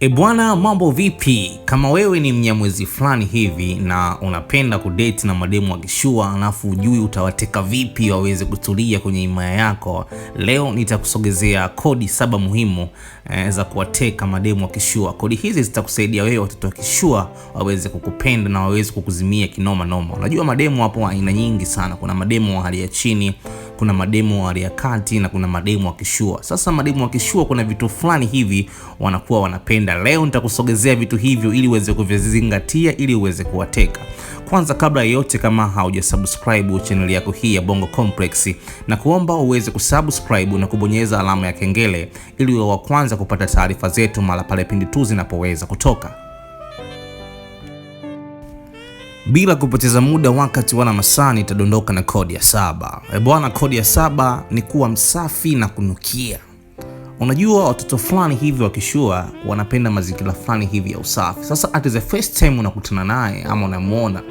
E bwana, mambo vipi? Kama wewe ni mnyamwezi fulani hivi na unapenda kudeti na mademu wa kishua alafu ujui utawateka vipi waweze kutulia kwenye imaya yako, leo nitakusogezea kodi saba muhimu eh, za kuwateka mademu wa kishua Kodi hizi zitakusaidia wewe watoto wa kishua waweze kukupenda na waweze kukuzimia kinoma noma. Unajua mademu hapo aina nyingi sana, kuna mademu wa hali ya chini kuna mademu wa riakati na kuna mademu wa kishua. Sasa mademu wa kishua, kuna vitu fulani hivi wanakuwa wanapenda. Leo nitakusogezea vitu hivyo ili uweze kuvizingatia, ili uweze kuwateka. Kwanza kabla ya yote, kama haujasubscribe channel yako hii ya Bongo Complex, na kuomba uweze kusubscribe na kubonyeza alama ya kengele ili uwe wa kwanza kupata taarifa zetu mara pale pindi tu zinapoweza kutoka. Bila kupoteza muda wakati wana masaa, nitadondoka na kodi ya saba. E bwana, kodi ya saba ni kuwa msafi na kunukia. Unajua watoto fulani hivi wakishua wanapenda mazingira fulani hivi ya usafi. Sasa at the first time unakutana naye ama unamwona,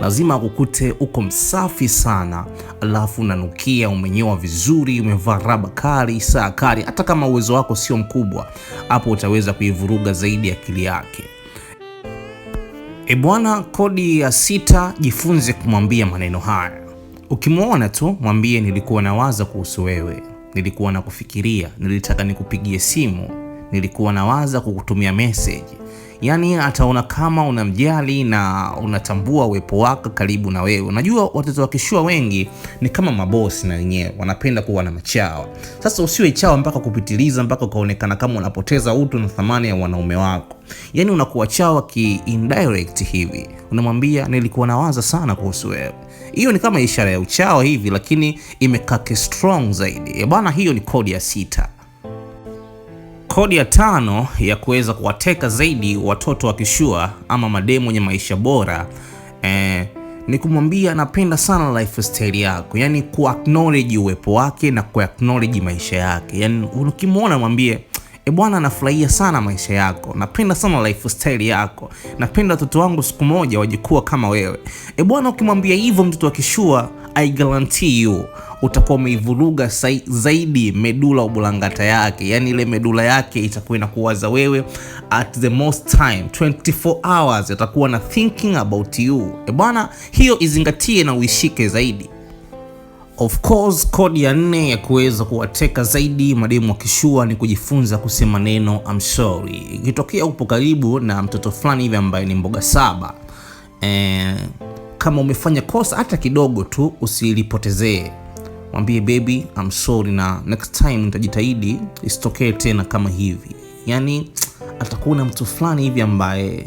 lazima akukute uko msafi sana, alafu unanukia, umenyoa vizuri, umevaa raba kali, saa kali. Hata kama uwezo wako sio mkubwa, hapo utaweza kuivuruga zaidi akili yake. E bwana, kodi ya sita. Jifunze kumwambia maneno haya. Ukimwona tu mwambie, nilikuwa nawaza kuhusu wewe, nilikuwa nakufikiria, nilitaka nikupigie simu nilikuwa nawaza kukutumia message. Yaani ataona kama unamjali na unatambua uwepo wake karibu na wewe. Unajua watoto wa kishua wengi ni kama mabosi na wenyewe, wanapenda kuwa na machawa. Sasa usiwe chawa mpaka kupitiliza, mpaka ukaonekana kama unapoteza utu na thamani ya wanaume wako. Yaani unakuwa chawa ki indirect hivi, unamwambia nilikuwa nawaza sana kuhusu wewe. Hiyo ni kama ishara ya uchawa hivi, lakini imekake strong zaidi. Ya bwana, hiyo ni kodi ya sita. Kodi ya tano ya kuweza kuwateka zaidi watoto wa kishua ama mademu wenye maisha bora eh, ni kumwambia napenda sana lifestyle yako, yani acknowledge uwepo wake na acknowledge maisha yake. Yani ukimwona mwambie e, bwana, nafurahia sana maisha yako, napenda sana lifestyle yako, napenda watoto wangu siku moja wajikuwa kama wewe. E bwana, ukimwambia hivyo mtoto akishua I guarantee you utakuwa umeivuruga zaidi medula ubulangata yake, yani ile medula yake itakuwa inakuwaza wewe at the most time 24 hours, atakuwa na thinking about you. E bwana, hiyo izingatie na uishike zaidi. Of course kodi ya nne ya kuweza kuwateka zaidi mademu wa kishua ni kujifunza kusema neno I'm sorry. Ikitokea upo karibu na mtoto fulani hivi ambaye ni mboga saba eh, kama umefanya kosa hata kidogo tu, usilipotezee. Mwambie baby I'm sorry, na next time nitajitahidi isitokee tena kama hivi. Yani atakuwa na mtu fulani hivi ambaye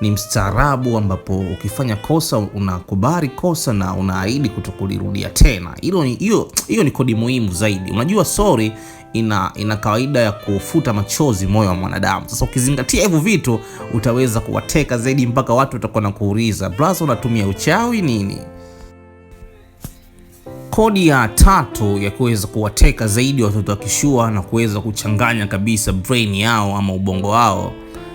ni mstaarabu, ambapo ukifanya kosa unakubali kosa na unaahidi kutokulirudia tena. Hilo ni hiyo, hiyo ni kodi muhimu zaidi. Unajua sorry ina, ina kawaida ya kufuta machozi moyo wa mwanadamu. Sasa ukizingatia hivyo vitu utaweza kuwateka zaidi, mpaka watu watakuwa na kuuliza brother, unatumia uchawi nini? Kodi ya tatu ya kuweza kuwateka zaidi watoto wa kishua na kuweza kuchanganya kabisa brain yao ama ubongo wao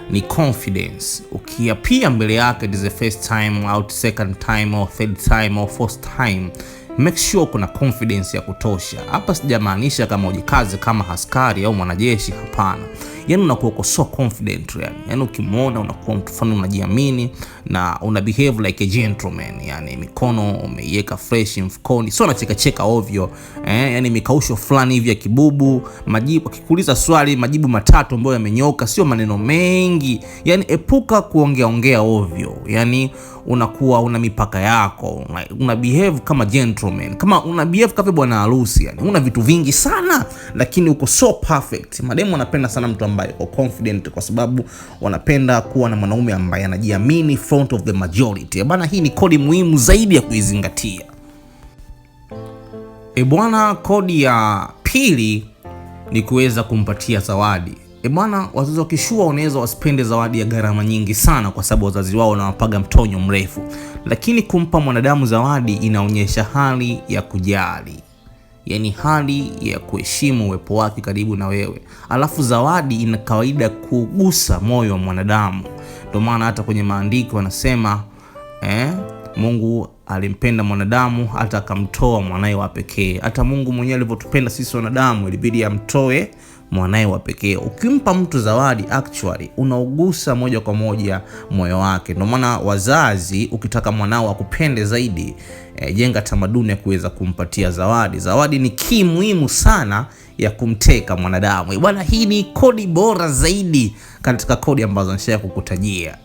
ni confidence. Ukiapia mbele yake, it is the first time out, second time or third time or fourth time make sure kuna confidence ya kutosha. Hapa sijamaanisha kama ujikaze kama askari au mwanajeshi, hapana yani unakuwa uko so confident yani, yani ukimwona unakuwa mtu fulani unajiamini na una behave like a gentleman yani, mikono umeiweka fresh mfukoni, sio unacheka cheka ovyo eh, yani mikausho fulani hivi ya kibubu, majibu akikuuliza swali majibu matatu ambayo yamenyoka, sio maneno mengi yani, epuka kuongea ongea ovyo yani unakuwa una mipaka yako, una behave kama gentleman, kama una behave kama bwana harusi yani, una vitu vingi sana lakini uko so perfect. Mademu anapenda sana mtu ambaye yuko confident, kwa sababu wanapenda kuwa na mwanaume ambaye anajiamini front of the majority. Bana, hii ni kodi muhimu zaidi ya kuizingatia. E bwana, kodi ya pili ni kuweza kumpatia zawadi. E bwana, wazazi kishua wanaweza wasipende zawadi ya gharama nyingi sana, kwa sababu wazazi wao wanawapaga mtonyo mrefu, lakini kumpa mwanadamu zawadi inaonyesha hali ya kujali yani hali ya kuheshimu uwepo wake karibu na wewe. Alafu zawadi ina kawaida kugusa moyo wa mwanadamu, ndio maana hata kwenye maandiko wanasema eh, Mungu alimpenda mwanadamu hata akamtoa mwanaye wa pekee. Hata Mungu mwenyewe alivyotupenda sisi wanadamu, ilibidi amtoe mwanaye wa pekee. Ukimpa mtu zawadi actually unaugusa moja kwa moja moyo wake. Ndio maana wazazi, ukitaka mwanao akupende zaidi e, jenga tamaduni ya kuweza kumpatia zawadi. Zawadi ni kii muhimu sana ya kumteka mwanadamu eh, bwana. Hii ni kodi bora zaidi katika kodi ambazo nisha kukutajia.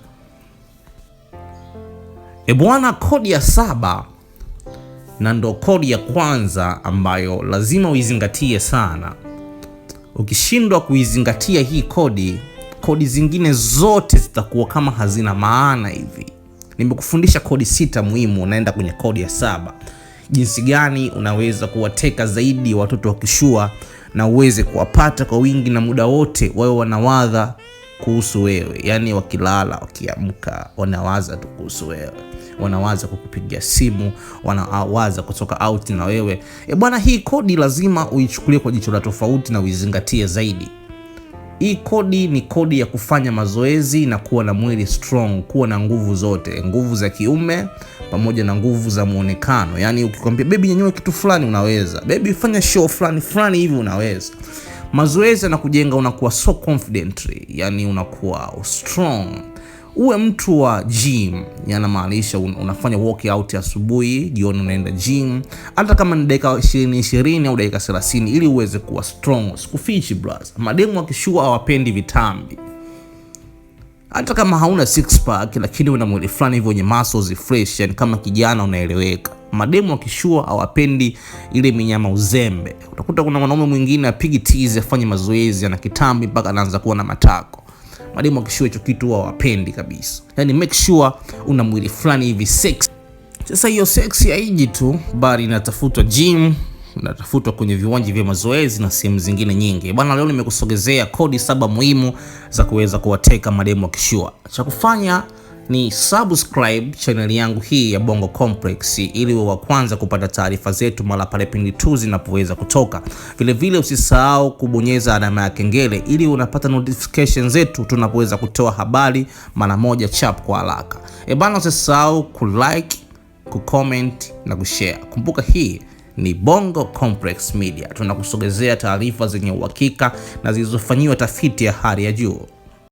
E bwana, kodi ya saba na ndo kodi ya kwanza ambayo lazima uizingatie sana Ukishindwa kuizingatia hii kodi, kodi zingine zote zitakuwa kama hazina maana hivi. Nimekufundisha kodi sita muhimu, unaenda kwenye kodi ya saba, jinsi gani unaweza kuwateka zaidi watoto wa kishua na uweze kuwapata kwa wingi na muda wote wawe wanawadha kuhusu wewe, yaani wakilala, wakiamka wanawaza tu kuhusu wewe, wanawaza kukupigia simu, wanawaza kutoka out na wewe. E bwana, hii kodi lazima uichukulie kwa jicho la tofauti na uizingatie zaidi. Hii kodi ni kodi ya kufanya mazoezi na kuwa na mwili strong, kuwa na nguvu zote, nguvu za kiume pamoja na nguvu za muonekano. Yaani ukikwambia bebi, nyenyewe kitu fulani unaweza, bebi, fanya show fulani fulani hivi unaweza. Mazoezi yanakujenga unakuwa so confident, yani unakuwa strong. Uwe mtu wa gym, yanamaanisha unafanya workout asubuhi, jioni unaenda gym, hata kama ni dakika 20 20 au dakika 30, ili uweze kuwa strong. Sikufichi bros, mademu akishua hawapendi vitambi hata kama hauna six pack lakini una mwili fulani hivyo wenye muscles fresh, yani kama kijana unaeleweka. Mademu akishua hawapendi ile minyama uzembe. Utakuta kuna mwanaume mwingine apigi tizi, afanye mazoezi, ana kitambi mpaka anaanza kuwa na matako. Mademu akishua hicho kitu hawapendi kabisa. Yani make sure una mwili fulani hivi sex. Sasa hiyo sex haiji tu, bali inatafutwa gym natafutwa kwenye viwanja vya mazoezi na sehemu zingine nyingi bwana. Leo nimekusogezea kodi saba muhimu za kuweza kuwateka mademu kishua. Cha kufanya ni subscribe channel yangu hii ya Bongo Complex ili uwe wa kwanza kupata taarifa zetu mara pale pindi tu zinapoweza kutoka. Vilevile usisahau kubonyeza alama ya kengele ili unapata notification zetu tunapoweza kutoa habari mara moja chap kwa haraka. E bana, usisahau kulike, kucomment na kushare. Kumbuka hii ni Bongo Complex Media, tunakusogezea taarifa zenye uhakika na zilizofanyiwa tafiti ya hali ya juu.